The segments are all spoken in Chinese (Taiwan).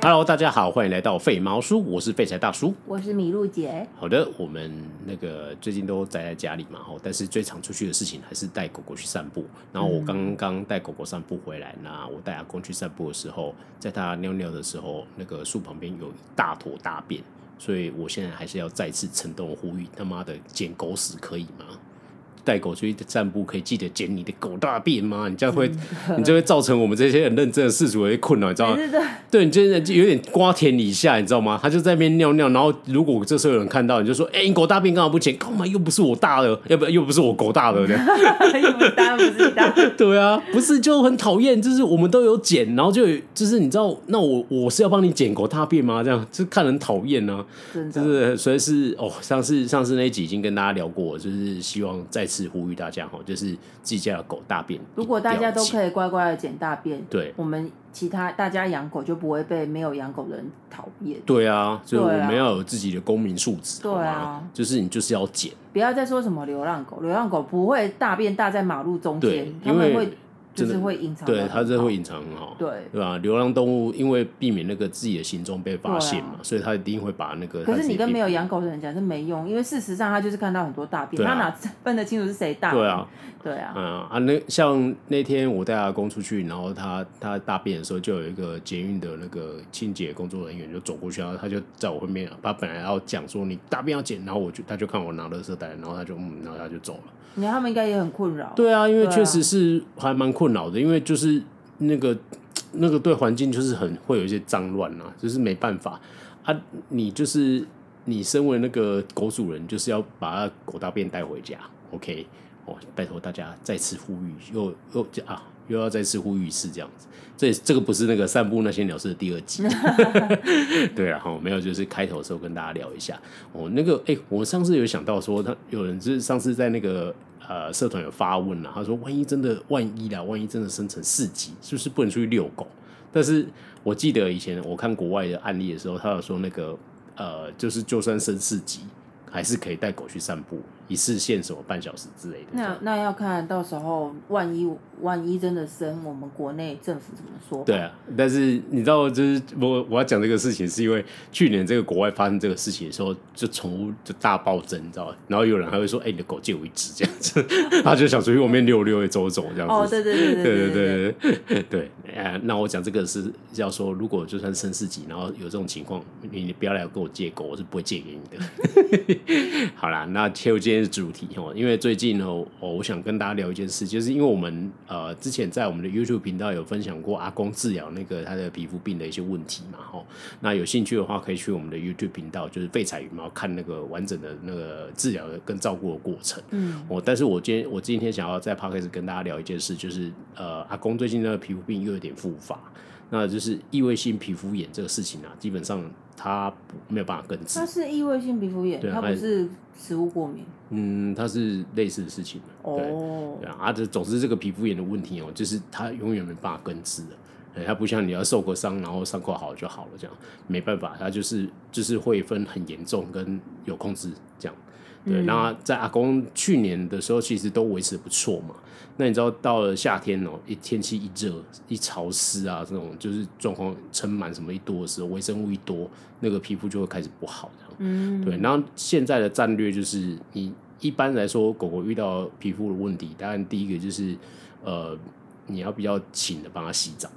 Hello，大家好，歡迎來到廢毛梳，我是廢柴大叔，我是米露姐。好的，我們那個最近都宅在家裡嘛，吼，但是最常出去的事情還是帶狗狗去散步。然後我剛剛帶狗狗散步回來，那我帶阿公去散步的時候，在他尿尿的時候，那個樹旁邊有一大坨大便，所以我現在還是要再次鄭重呼籲，他媽的撿狗屎可以嗎？帶狗出去散步，可以記得撿你的狗大便嗎？你這樣會，嗯、你就會造成我們這些很認真的飼主的困擾，你知道嗎？對、欸、對，你這人就有點瓜田李下，你知道嗎？他就在那邊尿尿，然後如果這時候有人看到，你就說：“哎、欸，你狗大便幹嘛不撿，幹嘛？又不是我大的，要不又不是我狗大的。”哈哈哈又不不 對啊，不是就很討厭？就是我們都有撿，然後就就是你知道，那我我是要幫你撿狗大便嗎？這樣就看人討厭啊，就是、啊真的就是、所以是哦，上次上次那集已經跟大家聊過，就是希望再次。是呼籲大家哦，就是自己家的狗大便。如果大家都可以乖乖的撿大便，對我們其他大家養狗就不會被沒有養狗的人討厭。對啊，所以我們要有自己的公民素質。對啊，就是你就是要撿，不要再說什麼流浪狗，流浪狗不會大便大在馬路中間，他們會。就是會隱藏，對，他是會隱藏很好，對，對吧？流浪動物因為避免那個自己的行蹤被發現嘛，啊、所以他一定會把那個。可是你跟沒有養狗的人講是沒用，因為事實上他就是看到很多大便，啊、他哪分得清楚是誰大便？對啊，對啊、嗯。啊，那像那天我帶阿公出去，然後他他大便的時候，就有一個捷運的那個清潔工作人員就走過去，然後他就在我後面，他本來要講說你大便要撿，然後我就他就看我拿垃圾袋，然後他就嗯，然後他就走了。你看他們應該也很困擾。對啊，因為確實是還蠻困擾的，啊、因為就是那個那個對環境就是很會有一些髒亂啊，就是沒辦法啊。你就是你身為那個狗主人，就是要把那狗大便帶回家。OK，哦、喔，拜托大家再次呼籲，又又啊。又要再似乎遇事這樣子，這這個不是那個散步那些鳥事的第二集， 對啊，好沒有就是開頭的時候跟大家聊一下，哦那個哎，我上次有想到說，他有人就是上次在那個呃社團有發問了，他說，萬一真的萬一啦，萬一真的升成四級，是不是不能出去遛狗？但是我記得以前我看國外的案例的時候，他有說那個呃，就是就算升四級，還是可以帶狗去散步。一次限什麼半小時之類的，那那要看到時候，萬一萬一真的生，我們國內政府怎麼說？對啊，但是你知道，就是我我要講這個事情，是因為去年這個國外發生這個事情的時候，就寵物就大暴增，你知道？然後有人還會說：“哎、欸，你的狗借我一隻，這樣子。” 他就想出去外面溜溜， 走走這樣子。哦，對對對對 對對，那我講這個是要說，如果就算升四級，然後有這種情況，你不要來跟我借狗，我是不會借給你的。 好啦，那切勿借。是主題，因為最近呢，我、哦、我想跟大家聊一件事，就是因為我們呃之前在我們的 YouTube 頻道有分享過阿公治療那個他的皮膚病的一些問題嘛，哦、那有興趣的話可以去我們的 YouTube 頻道，就是廢柴與貓看那個完整的那個治療跟照顧的過程。嗯，我、哦、但是我今天我今天想要在 Podcast 跟大家聊一件事，就是呃阿公最近那個皮膚病又有點復發，那就是異味性皮膚炎這個事情啊，基本上。它沒有辦法根治。它是異位性皮膚炎，它不是食物過敏。嗯，它是類似的事情。哦，Oh. 對啊，總之這個皮膚炎的問題哦，就是它永遠沒辦法根治的。它、欸、不像你要受過傷，然後傷口好就好了這樣，沒辦法，它就是就是會分很嚴重跟有控制這樣。對，那在阿公去年的時候，其實都維持的不錯嘛。那你知道到了夏天哦，一天氣一熱一潮濕啊，這種就是狀況塵蟎什麼一多的時候，微生物一多，那個皮膚就會開始不好。嗯，對。然後現在的戰略就是，你一般來說狗狗遇到皮膚的問題，當然第一個就是，呃，你要比較勤的幫它洗澡。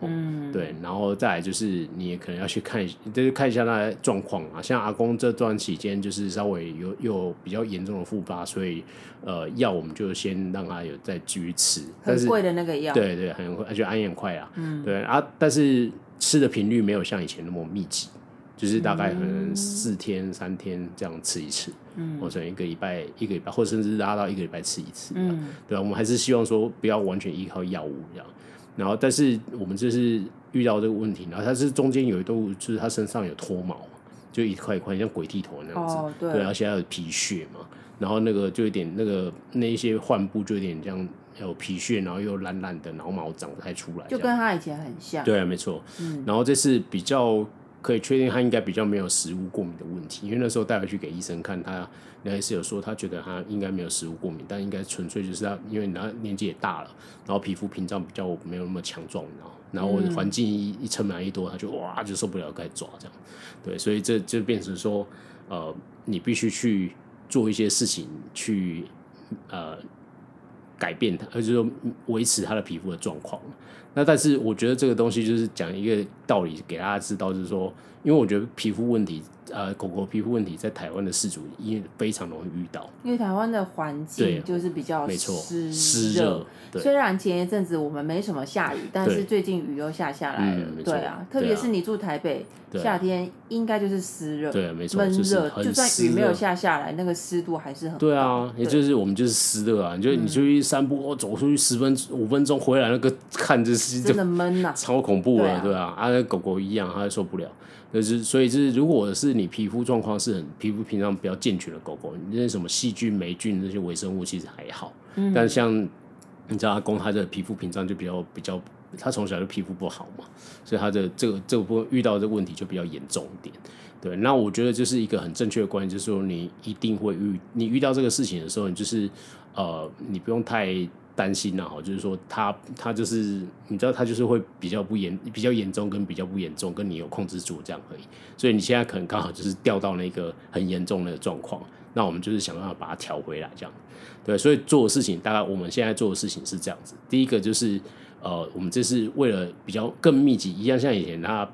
嗯，對，然後再來就是，你也可能要去看，就是看一下他的狀況啊。像阿公這段期間，就是稍微有有比較嚴重的復發，所以呃，藥我們就先讓他有再繼續吃，但是很貴的那個藥，對對，很就安眼快啊，嗯，對啊，但是吃的頻率沒有像以前那麼密集，就是大概可能四天、三天這樣吃一次，嗯，或者一個禮拜一個禮拜，或者甚至拉到一個禮拜吃一次，嗯，對，我們還是希望說不要完全依靠藥物這樣。然後，但是我們這是遇到這個問題，然後它是中間有一度，就是它身上有脫毛，就一塊一塊像鬼剃頭那樣子，哦、對，然後現在有皮屑嘛，然後那個就有點那個那一些患部就有點這樣有皮屑，然後又懶懶的，毛毛長得還出來，就跟他以前很像，對、啊，沒錯，嗯，然後這次比較。可以確定他應該比較沒有食物過敏的問題，因為那時候帶回去給醫生看，他那時有說他覺得他應該沒有食物過敏，但應該純粹就是他，因為他年紀也大了，然後皮膚屏障比較沒有那麼強壯，然後然後環境一、嗯、一塵蟎一多，他就哇就受不了，該抓這樣，對，所以這就變成說，呃，你必須去做一些事情去，呃。改變它，而且說維持它的皮膚的狀況。那但是我覺得這個東西就是講一個道理給大家知道，就是說，因為我覺得皮膚問題。呃，狗狗皮膚問題在台灣的飼主，因為非常容易遇到，因為台灣的環境就是比較濕濕熱。雖然前一陣子我們沒什麼下雨，但是最近雨又下下來了。對啊，特別是你住台北，夏天應該就是濕熱。對，沒錯，悶熱，就算雨沒有下下來，那個濕度還是很高。對啊，也就是我們就是濕熱啊，你就你出去散步哦，走出去十分五分鐘回來，那個看着濕，真的悶吶，超恐怖了。對啊，啊，狗狗一樣，它受不了。就是，所以就是，如果是。你皮膚狀況是很皮膚屏障比較健全的狗狗，你那些什麼細菌、黴菌的那些微生物其實還好。嗯。但像你知道，阿公他的皮膚屏障就比較比較，他從小就皮膚不好嘛，所以他的這個這波、個、這個、遇到的這個問題就比較嚴重一點。對。那我覺得就是一個很正確的觀念，就是說你一定會遇你遇到這個事情的時候，你就是呃，你不用太。擔心吶、啊，就是說他他就是，你知道他就是會比較不嚴，比較嚴重跟比較不嚴重，跟你有控制住這樣而已。所以你現在可能剛好就是掉到那個很嚴重的狀況，那我們就是想辦法把它調回來這樣。對，所以做的事情大概我們現在做的事情是這樣子。第一個就是，呃，我們這是為了比較更密集，一樣像以前他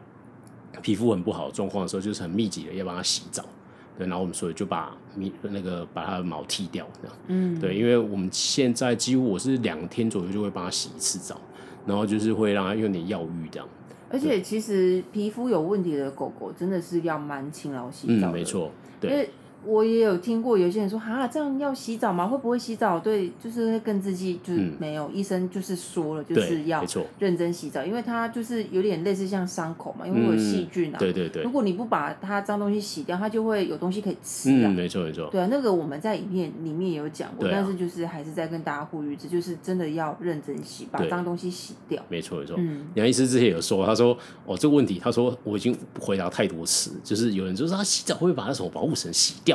皮膚很不好的狀況的時候，就是很密集的要幫他洗澡。對，然後我們所以就把那個把它的毛剃掉這樣。嗯，對，因為我們現在幾乎我是兩天左右就會幫它洗一次澡，然後就是會讓它用點藥浴這樣。而且對其實皮膚有問題的狗狗真的是要蠻勤勞洗澡的，嗯，沒錯，對。我也有聽過有些人說，哈、啊，這樣要洗澡嗎？會不會洗澡？對，就是會跟自己就是沒有、嗯、醫生就是說了，就是要沒認真洗澡，因為它就是有點類似像傷口嘛，因為會有細菌啊、嗯。對對對。如果你不把它髒東西洗掉，它就會有東西可以吃啊。嗯、沒錯沒錯。對啊，那個我們在影片裡面也有講過，啊、但是就是還是在跟大家呼籲，這就是真的要認真洗，把髒東西洗掉。沒錯沒錯。楊、嗯、醫師之前有說，他說哦這個問題，他說我已經不回答太多次，就是有人就說他洗澡會不會把那層保護層洗掉？對對，保護層這種東西，對，都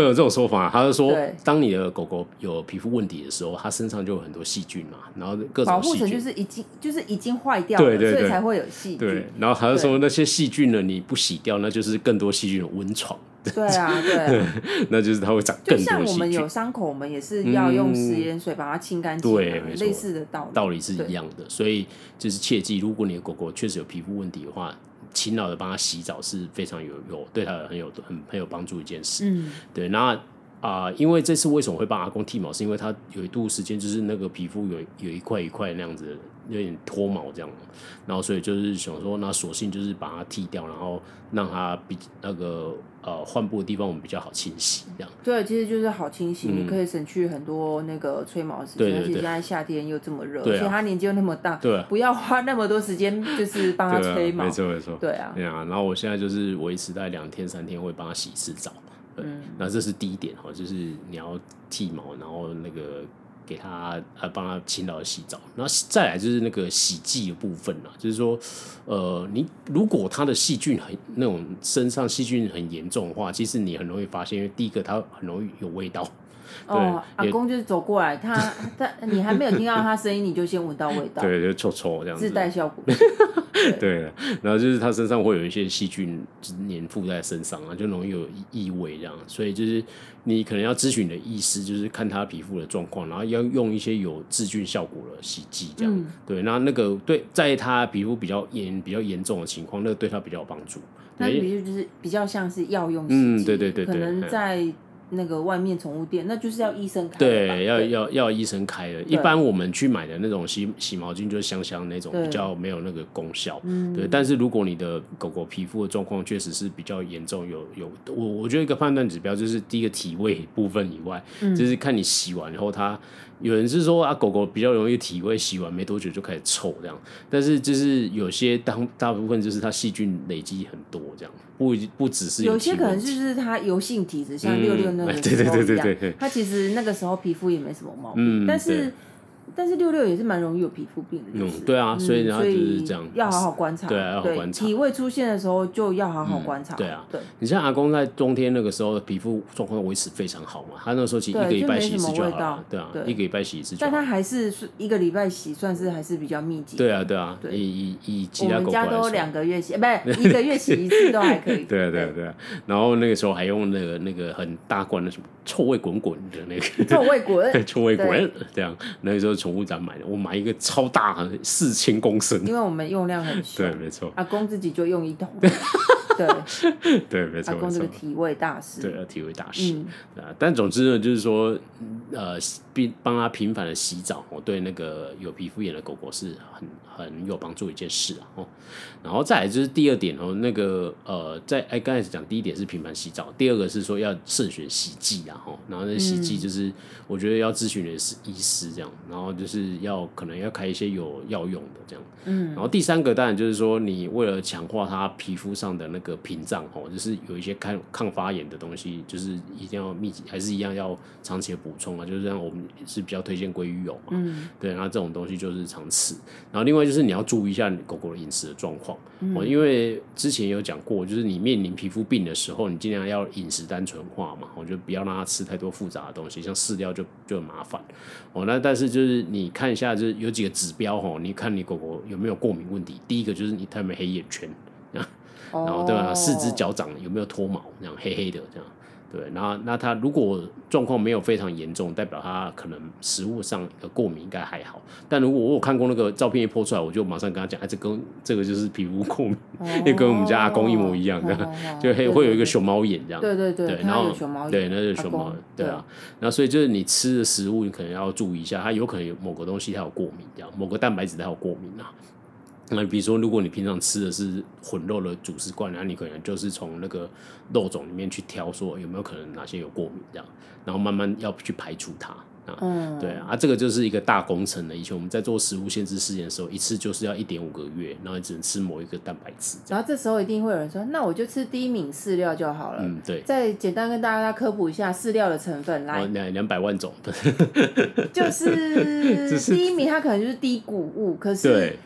有這種說法。他就說，當你的狗狗有皮膚問題的時候，它身上就有很多細菌嘛，然後各種細菌，保護層就是已經就是已經壞掉了，所以才會有細菌。對，然後他就說那些細菌呢，你不洗掉，那就是更多細菌的溫床。對啊，對，那就是它會長更多細菌。就像我們有傷口，我們也是要用食鹽水把它清乾淨。對，類似的道理，道理是一樣的。所以就是切記，如果你的狗狗確實有皮膚問題的話，勤勞的幫他洗澡是非常有有對他很有很很，很有幫助的一件事。嗯，對，那啊、呃，因為這次為什麼會幫阿公剃毛，是因為他有一度時間就是那個皮膚有有一塊一塊那樣子。有點脫毛這樣，然後所以就是想說，那索性就是把它剃掉，然後讓它比那個呃換布的地方我們比較好清洗這樣。對，其實就是好清洗，嗯，你可以省去很多那個吹毛的時間。對對對。而且現在夏天又這麼熱，而且它年紀又那麼大，對啊，不要花那麼多時間就是幫它吹毛。啊，沒錯沒錯。對啊。對啊，然後我現在就是維持在兩天三天會幫它洗一次澡。對，嗯。那這是第一點哈，就是你要剃毛，然後那個。給他呃，幫他勤勞的洗澡，那再來就是那個洗劑的部分了啊，就是說，呃，你如果它的細菌很那種身上細菌很嚴重的話，其實你很容易發現，因為第一個它很容易有味道。對哦，也阿公就是走過來，他他 你還沒有聽到他聲音，你就先聞到味道，對，就臭臭這樣子，自帶效果。 對，對，然後就是他身上會有一些細菌粘附在身上啊，就容易有異味這樣，嗯、所以就是你可能要諮詢你的醫師，就是看他皮膚的狀況，然後要用一些有殺菌效果的洗劑這樣。嗯、對，那那個對，在他皮膚比較嚴比較嚴重的情況，那個對他比較有幫助。那比如就是比較像是藥用洗劑、嗯、對，對，對對對，可能在。那個外面寵物店，那就是要醫生開，對，對，要要要醫生開的。對，一般我們去買的那種洗洗毛巾，就是香香那種，對，比較沒有那個功效。對，嗯，對。但是如果你的狗狗皮膚的狀況確實是比較嚴重，有有，我我覺得一個判斷指標就是第一個體味部分以外，嗯，就是看你洗完以後它，它有人是說啊，狗狗比較容易體味，洗完沒多久就開始臭這樣。但是就是有些當大部分就是它細菌累積很多這樣。不，不只是有，有些可能就是他油性體質，像六六那個，對對對對對，對，他其實那個時候皮膚也沒什麼毛病，嗯，但是。但是六六也是蠻容易有皮膚病的，嗯，對啊，所以然後就是這樣，要好好觀察，對，要好觀察。體味出現的時候就要好好觀察，對啊，對。你像阿公在冬天那個時候皮膚狀況維持非常好嘛，他那時候其實一個禮拜洗一次就好了，對啊，一個禮拜洗一次。但他還是一個禮拜洗，算是還是比較密集，對啊，對啊，以以以其他狗，我們家都兩個月洗，不是一個月洗一次都還可以，對啊，對啊，對啊。然後那個時候還用那個那個很大罐的什麼臭味滾滾的那個臭味滾，對，臭味滾，這樣那個時候。寵物展買的，我買一個超大，四千公升，因為我們用量很少。對，沒錯，阿公自己就用一桶。 對 對，沒錯沒錯，個體味大師。對，體味大師啊。嗯、但總之呢，就是說呃，頻幫他頻繁的洗澡，我、哦、對那個有皮膚炎的狗狗是很很有幫助一件事啊。哦，然後再來就是第二點哦，那個呃，在哎剛開始講第一點是頻繁洗澡，第二個是說要慎選洗劑啊。哈、哦，然後那洗劑就是、嗯、我覺得要諮詢的是醫師這樣，然後就是要可能要開一些有藥用的這樣。嗯，然後第三個當然就是說你為了強化他皮膚上的那個。個屏障哦，就是有一些抗抗發炎的東西，就是一定要密集，還是一樣要長期的補充啊。就是像我們是比較推薦鮭魚油、哦嗯、對，那這種東西就是常吃。然後另外就是你要注意一下你狗狗的飲食的狀況、嗯、因為之前有講過，就是你面臨皮膚病的時候，你儘量要飲食單純化嘛。我覺得不要讓它吃太多複雜的東西，像飼料就就很麻煩哦。那但是就是你看一下，就是有幾個指標哦，你看你狗狗有沒有過敏問題？第一個就是你他有沒有黑眼圈、啊然後對吧、啊，oh. 四肢腳掌有沒有脫毛？這樣黑黑的這樣，對。然後那它如果狀況沒有非常嚴重，代表它可能食物上的過敏應該還好。但如果我有看過那個照片一拍出來，我就馬上跟他講，哎，這跟這個就是皮膚過敏，因、oh. 跟我們家阿公一模一樣的，就會有一個熊貓眼這樣。對對對，然後對，對，那就是熊貓眼，阿公。對啊。對然後所以就是你吃的食物，你可能要注意一下，它有可能有某個東西它有過敏，這樣某個蛋白質它有過敏啊。那比如說，如果你平常吃的是混肉的主食罐，那你可能就是從那個肉種裡面去挑，說有沒有可能哪些有過敏這樣，然後慢慢要去排除它、嗯、啊。嗯，對啊，這個就是一個大工程了。以前我們在做食物限制試驗的時候，一次就是要一點五個月，然後只能吃某一個蛋白質。然後這時候一定會有人說：“那我就吃低敏飼料就好了。”嗯，對。再簡單跟大家科普一下飼料的成分，來兩百萬種， 就是低敏它可能就是低谷物，可是對。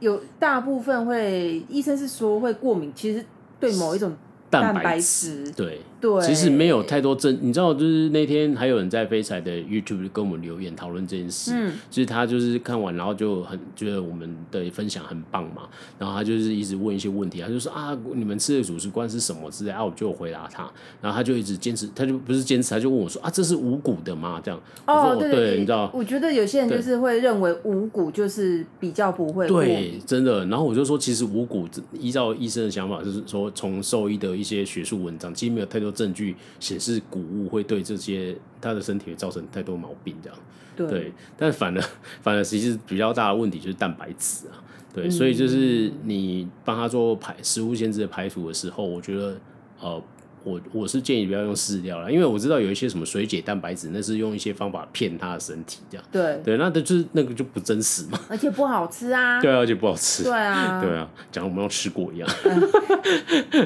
有大部分會，醫生是說會過敏，其實對某一種蛋白質。對。對其實沒有太多證，你知道，就是那天還有人在廢柴的 YouTube 跟我們留言討論這件事，嗯，就是他就是看完，然後就很覺得我們的分享很棒嘛，然後他就是一直問一些問題，他就說啊，你們吃的主食罐是什麼之類啊，我就回答他，然後他就一直堅持，他就不是堅持，他就問我說啊，這是無穀的嗎？這樣哦，我說哦，對，你知道，我覺得有些人就是會認為無穀就是比較不會對，對，真的。然後我就說，其實無穀依照醫生的想法，就是說，從獸醫的一些學術文章，其實沒有太多。證據顯示穀物會對這些他的身體會造成太多毛病，這樣，對，對，但反而反而其實比較大的問題就是蛋白質啊，對，嗯，所以就是你幫他做排食物限制的排除的時候，我覺得呃。我我是建議不要用飼料了，因為我知道有一些什麼水解蛋白質，那是用一些方法騙它的身體這樣，對對，那它就是那個就不真實嘛。而且不好吃啊。對啊，而且不好吃。對啊，對啊，講我們要吃過一樣。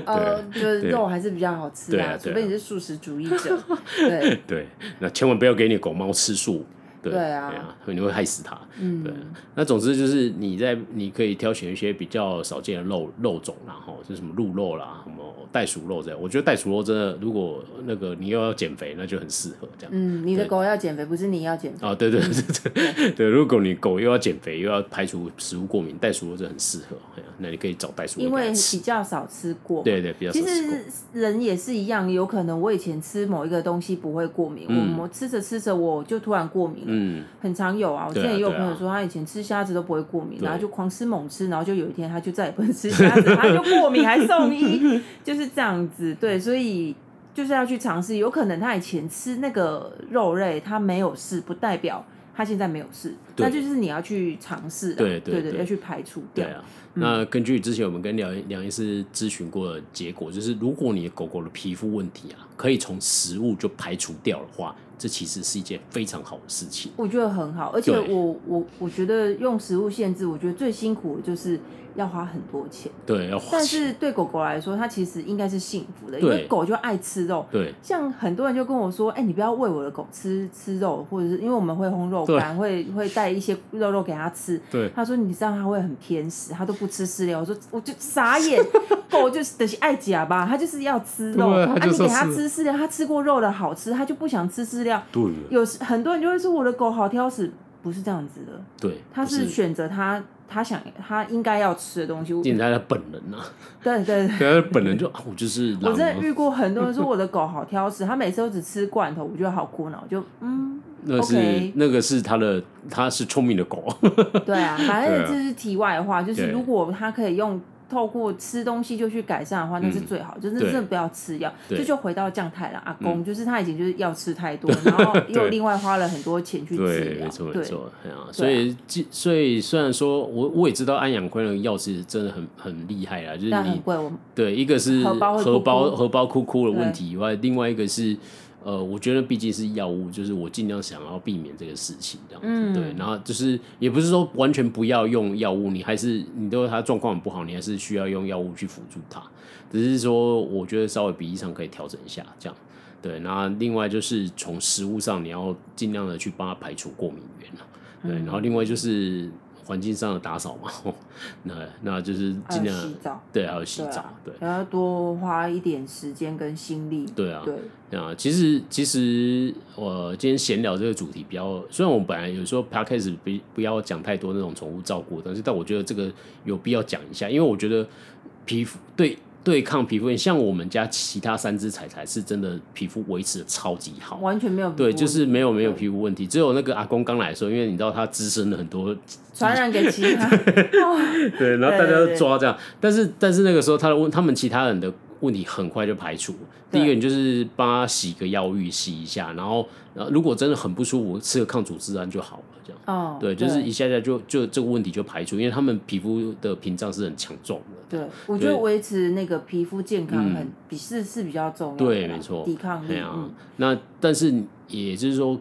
嗯、 對，就是、呃、對肉還是比較好吃啊。除非你是素食主義者。 對對，那千萬不要給你狗貓吃素。對,對啊，對啊、嗯，會你會害死它。嗯，對。嗯、那總之就是你在你可以挑選一些比較少見的肉肉種啦，然後就什麼鹿肉啦，什麼袋鼠肉這樣。我覺得袋鼠肉真的，如果那個你又要減肥，那就很適合這樣。嗯，你的狗要減肥，對不是你要減肥、哦、對對對對 對，如果你狗又要減肥又要排除食物過敏，袋鼠肉這很適合、啊。那你可以找袋鼠肉來吃。因為比較少吃過。對對，比較少吃。其實人也是一樣，有可能我以前吃某一個東西不會過敏，嗯、我吃着吃着我就突然過敏了。嗯嗯，很常有啊。我之前也有朋友說，他以前吃蝦子都不會過敏，啊啊、然後就狂吃猛吃，然後就有一天他就再也不能吃蝦子，啊、他就過敏還送醫， 就是這樣子。對，所以就是要去嘗試，有可能他以前吃那個肉類他沒有事，不代表他現在沒有事，對那就是你要去嘗試對。對對對，要去排除掉。啊嗯、那根據之前我們跟梁梁醫師諮詢過的結果，就是如果你的狗狗的皮膚問題啊，可以從食物就排除掉的話。這其實是一件非常好的事情，我覺得很好。而且我對我我覺得用食物限制，我覺得最辛苦的就是。要花很多錢，對，要花。但是對狗狗來說，它其實應該是幸福的，對因為狗就愛吃肉。對，像很多人就跟我說：“哎、欸，你不要餵我的狗吃吃肉，或者是因為我們會烘肉乾對，會會帶一些肉肉給它吃。”對，他說：“你這樣它會很偏食，它都不吃飼料。”我說：“我就傻眼， 狗就是、就是、愛假吧？它就是要吃肉對啊！他啊你給它吃飼料，它吃過肉的好吃，它就不想吃飼料。”對，對，對，有時很多人就會說：“我的狗好挑食。”不是這樣子的，對，他是選擇他是他想他應該要吃的東西。僅代表本能吶、啊，對對，對他本能就、 啊、我就是我真的遇過很多人說，我的狗好挑食， 他每次都只吃罐頭，我覺得好苦惱，就嗯，那是 Okay 那個是他的，他是聰明的狗， 對啊，反正就是題外的話，就是如果他可以用。透過吃東西就去改善的話，那是最好，就是真的不要吃藥，這就回到醬太了。阿公就是他以前就是藥吃太多，然後又另外花了很多錢去治療。對，沒錯沒錯，所以所以雖然說我我也知道安養坤的藥是真的很很厲害啦，就是你但很貴，對一個是荷包荷包荷包枯枯的問題，以外另外一個是。呃，我覺得畢竟是藥物，就是我盡量想要避免這個事情這樣子，嗯、對。然後就是也不是說完全不要用藥物，你還是你都他狀況很不好，你還是需要用藥物去輔助他，只是說我覺得稍微比例上可以調整一下這樣。對，然後另外就是從食物上，你要盡量的去幫他排除過敏源、嗯、對。然後另外就是。環境上的打掃嘛，那那就是盡量洗澡對，還有洗澡，對，啊、對，還要多花一點時間跟心力。對啊，對啊，其實其實我、呃、今天閒聊這個主題比較，雖然我們本來有時候 Podcast 不不要講太多那種寵物照顧，但是但我覺得這個有必要講一下，因為我覺得皮膚對。對抗皮膚炎，像我們家其他三只柴柴是真的皮膚維持的超級好，完全沒有，對，就是沒有沒有皮膚問題。只有那個阿公剛來的時候，因為你知道他滋生了很多傳染給其他，對，然後大家都抓這樣。對對對對，但是但是那個時候他的問他們其他人的。問題很快就排除。對第一個，你就是幫他洗個藥浴，洗一下，然後，如果真的很不舒服，吃個抗組織胺就好了，這樣。哦。對，就是一下下就對就，就這個問題就排除，因為他們皮膚的屏障是很強壯的。對，以我覺得維持那個皮膚健康很比、嗯、是是比較重要。對，沒錯。抵抗力、嗯、對啊，那但是也就是說，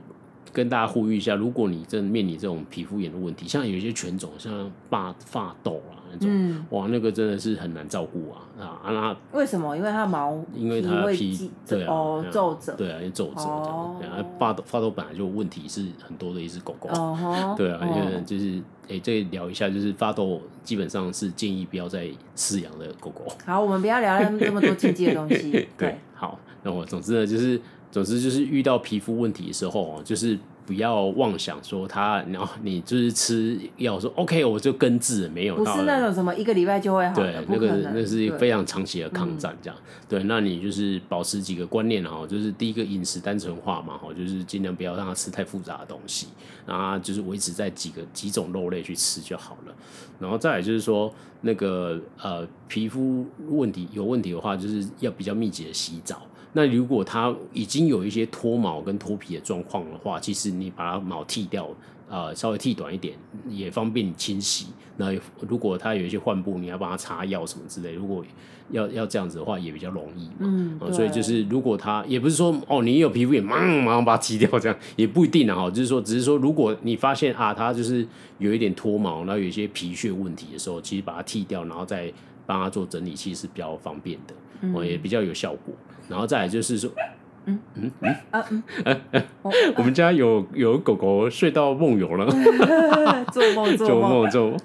跟大家呼籲一下，如果你真的面臨這種皮膚炎的問題，像有一些犬種，像法法鬥啊。嗯，哇，那個真的是很難照顧啊啊！那為什麼？因為它毛，因為它皮對哦，皺褶對啊，皺褶這樣。法鬥、哦啊，法鬥本來就問題是很多的一只狗狗。哦吼對啊，因為就是誒，這、哦欸、聊一下，就是法鬥基本上是建議不要再飼養的狗狗。好，我們不要聊那麼多禁忌的東西。 對，對，好，那我總之呢，就是總之就是遇到皮膚問題的時候啊，就是。不要妄想說他，然後你就是吃藥說 OK，我就根治了，沒有到。不是那種什麼一個禮拜就會好的，對那個對那是非常長期的抗戰這樣。嗯、對，那你就是保持幾個觀念哈，就是第一個飲食單純化嘛，就是盡量不要讓他吃太複雜的東西，然後就是維持在幾個幾種肉類去吃就好了。然後再來就是說那個呃皮膚問題有問題的話，就是要比較密集的洗澡。那如果它已經有一些脫毛跟脫皮的狀況的話，其實你把它毛剃掉、呃，稍微剃短一點，也方便你清洗。那如果它有一些患部，你要幫它擦藥什麼之類，如果要要這樣子的話，也比較容易嘛。嗯、呃，所以就是如果它也不是說哦，你有皮膚炎忙忙、嗯、把它剃掉，這樣也不一定啊。哈，就是說，只是說，如果你發現啊，它就是有一點脫毛，然後有一些皮屑問題的時候，其實把它剃掉，然後再。幫它做整理器是比較方便的，我、嗯、也比較有效果。然後再來就是說，嗯嗯嗯嗯嗯，我們家有有狗狗睡到夢遊了，嗯哎哎，做夢做夢做夢。做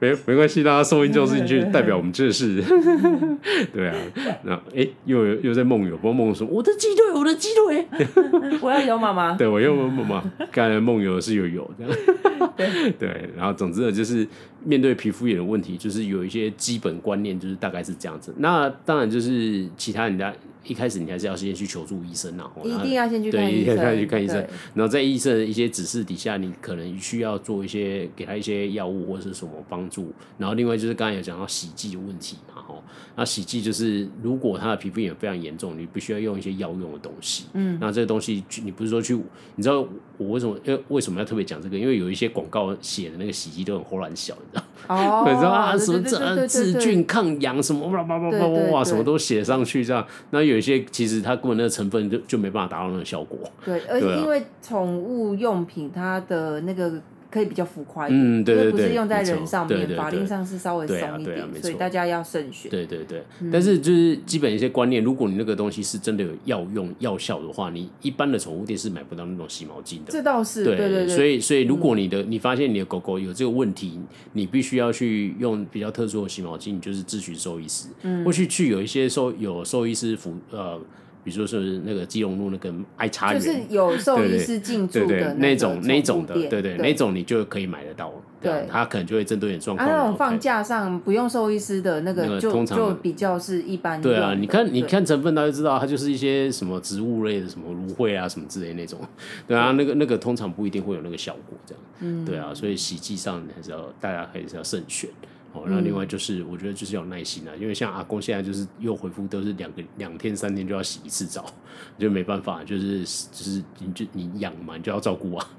沒，沒關係啦，收音這種事情就代表我們這、就是對，對，對，對，對啊。那哎、欸，又有又在夢遊，不夢遊說我的雞腿，我的雞腿， 我要有媽媽。對我又有媽媽，剛才夢遊是有有這樣。對，對，然後總之呢，就是面對皮膚炎的問題，就是有一些基本觀念，就是大概是這樣子。那當然就是其他人家。一開始你還是要先去求助醫生吶、啊對，一定要先去看醫生。對，一定要去看醫生。然後在醫生的一些指示底下，你可能需要做一些給他一些藥物或是什麼幫助。然後另外就是剛才有講到洗劑的問題嘛、啊，那洗劑就是如果他的皮膚炎非常嚴重，你必須要用一些藥用的東西。嗯。那這個東西你不是說去？你知道我為什麼要為,為什麼要特別講這個？因為有一些廣告寫的那個洗劑都很胡亂，你知道你知道啊，什麼治菌、抗癢什麼對對對對，哇什麼都寫上去這樣，然有一些其實它，根本那個成分就就沒辦法達到那個效果，對，而且、啊、因為寵物用品它的那個。可以比較浮誇一點。嗯、對對對，不是用在人上面，法令錯上是稍微鬆一點，對對對啊啊、所以大家要慎選。對，對對對，嗯、但是就是基本一些觀念，如果你那個東西是真的有藥用藥效的話，你一般的寵物店是買不到那種洗毛巾的。這倒是對，對對對，所以所以如果你的、嗯、你發現你的狗狗有這個問題，你必須要去用比較特殊的洗毛巾，就是諮詢獸醫師，嗯、或許去有一些獸有獸醫師服。呃。比如說是那個基隆路那個艾茶園就是有獸醫師進駐的那種、那種的，對對，那種你就可以買得到。對，它可能就會針對你的狀況。它那種貨架上不用獸醫師的那個，就通常比較是一般。對啊，你看，你看成分，大家就知道，它就是一些什麼植物類的，什麼蘆薈啊，什麼之類那種。對啊，那個那個通常不一定會有那個效果，這樣。嗯。對啊，所以洗劑上還是要大家還是要慎選。哦，那另外就是，嗯、我覺得就是要耐心啊，因為像阿公現在就是又恢復都是兩個兩天三天就要洗一次澡，就沒辦法，就是就是你就你養嘛，你就要照顧啊。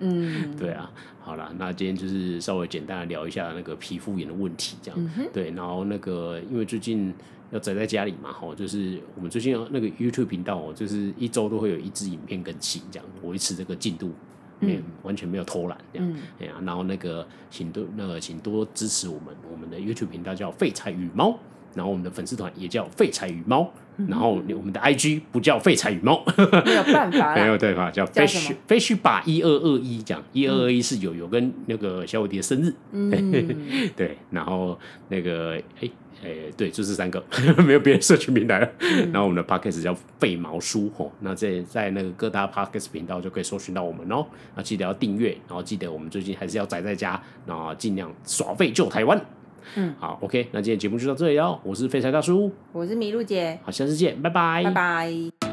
嗯，對啊，好了，那今天就是稍微簡單的聊一下那個皮膚炎的問題，這樣、嗯、哼對，然後那個因為最近要宅在家裡嘛、哦，就是我們最近、哦、那個 YouTube 頻道、哦，就是一周都會有一支影片更新，這樣維持這個進度。嗯，完全沒有偷懶這樣，嗯、這樣然後那個，請多那個請多支持我們，我們的 YouTube 頻道叫“廢柴與貓”，然後我們的粉絲團也叫“廢柴與貓”。然後我們的 IG 不叫廢柴與貓，沒有辦法， 沒有辦法，叫 Fatshiba 一二二一，講一二二一是有有跟那個小蝴迪的生日，嗯、 對，然後那個哎哎、欸欸、對，就是三個， 沒有別的社群平台了。嗯、然後我們的 Podcast 叫廢毛梳哦，那在在那個各大 Podcast 頻道就可以搜尋到我們哦。那記得要訂閱，然後記得我們最近還是要宅在家，然後盡量耍廢救台灣。嗯好，好，OK，那今天節目就到這裡哦。我是廢柴大叔，我是麋鹿姐，好，下次見，拜拜，拜拜。